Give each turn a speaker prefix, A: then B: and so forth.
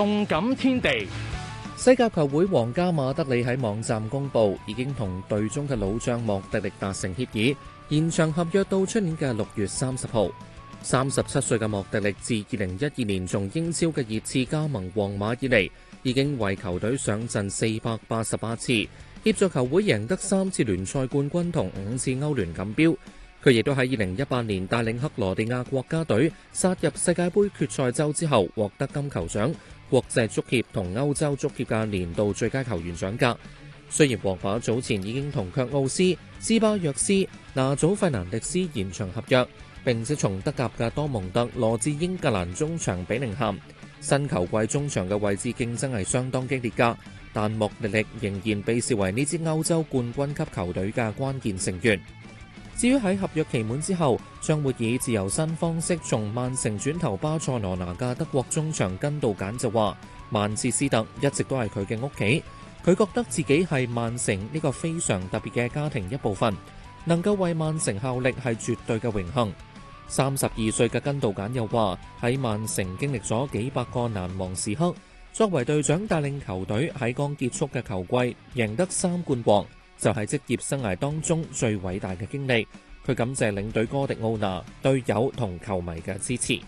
A: 動感天地，西甲球會皇家馬德里喺網站公布，已經同隊中嘅老將莫迪歷達成協議，延長合約到出年嘅六月三十號。三十七歲嘅莫迪歷自二零一二年從英超嘅熱刺加盟皇馬以嚟，已經為球隊上陣四百八十八次，協助球會贏得三次聯賽冠軍同五次歐聯錦標。佢亦都喺二零一八年帶領克羅地亞國家隊殺入世界盃決賽周之後，獲得金球獎、國際足協同歐洲足協嘅年度最佳球員獎格。雖然皇馬早前已經同卓奧斯、斯巴約斯、拿祖費南迪斯延長合約，並且從德甲嘅多蒙特羅致英格蘭中場比寧咸，新球季中場嘅位置競爭係相當激烈㗎，但莫迪歷仍然被視為呢支歐洲冠軍級球隊嘅關鍵成員。至於喺合約期滿之後，將會以自由身方式從曼城轉投巴塞羅那嘅德國中場根度簡就話：曼徹斯特一直都係佢嘅屋企，佢覺得自己係曼城呢個非常特別嘅家庭一部分，能夠為曼城效力係絕對嘅榮幸。三十二歲嘅根度簡又話：喺曼城經歷咗幾百個難忘時刻，作為隊長帶領球隊喺剛結束嘅球季贏得三冠王。就係職業生涯當中最偉大嘅經歷，佢感謝領隊哥迪奧拿、隊友同球迷嘅支持。